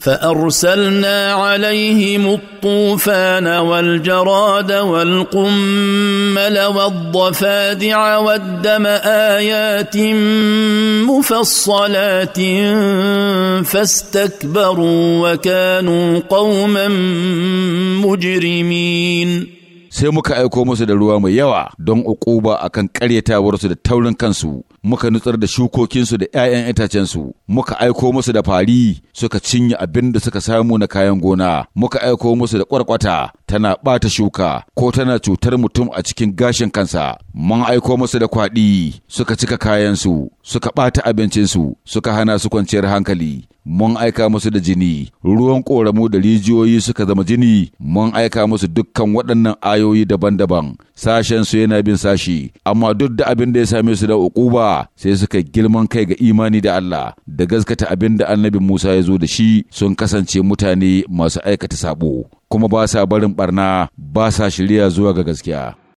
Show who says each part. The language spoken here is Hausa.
Speaker 1: فارسلنا عليهم الطوفان والجراد والقمل والضفادع والدم ايات مفصلات فاستكبروا وكانوا قوما مجرمين
Speaker 2: sai muka aiko musu da ruwa mai yawa don a akan karyatawarsu da taurin kansu muka nutsar da shukokinsu da 'ya'yan itacensu muka aiko musu da fari suka cinye abin da suka samu na kayan gona muka aiko musu da ƙwarƙwata tana ɓata shuka ko tana cutar mutum a cikin gashin kansa mun aiko musu da kwaɗi suka cika kayansu suka ɓata abincinsu suka hana su kwanciyar hankali mun aika musu da jini, ruwan ƙoramu da rijiyoyi suka zama jini, mun aika musu dukkan waɗannan ayoyi daban-daban, sashen su yana bin sashi, amma duk da abin da ya same su da uquba sai suka girman kai ga imani da Allah, da gaskata abin da annabi Musa ya zo da shi sun kasance mutane masu aikata sabo, kuma ba sa barin barna ba sa
Speaker 3: shirya zuwa ga gaskiya.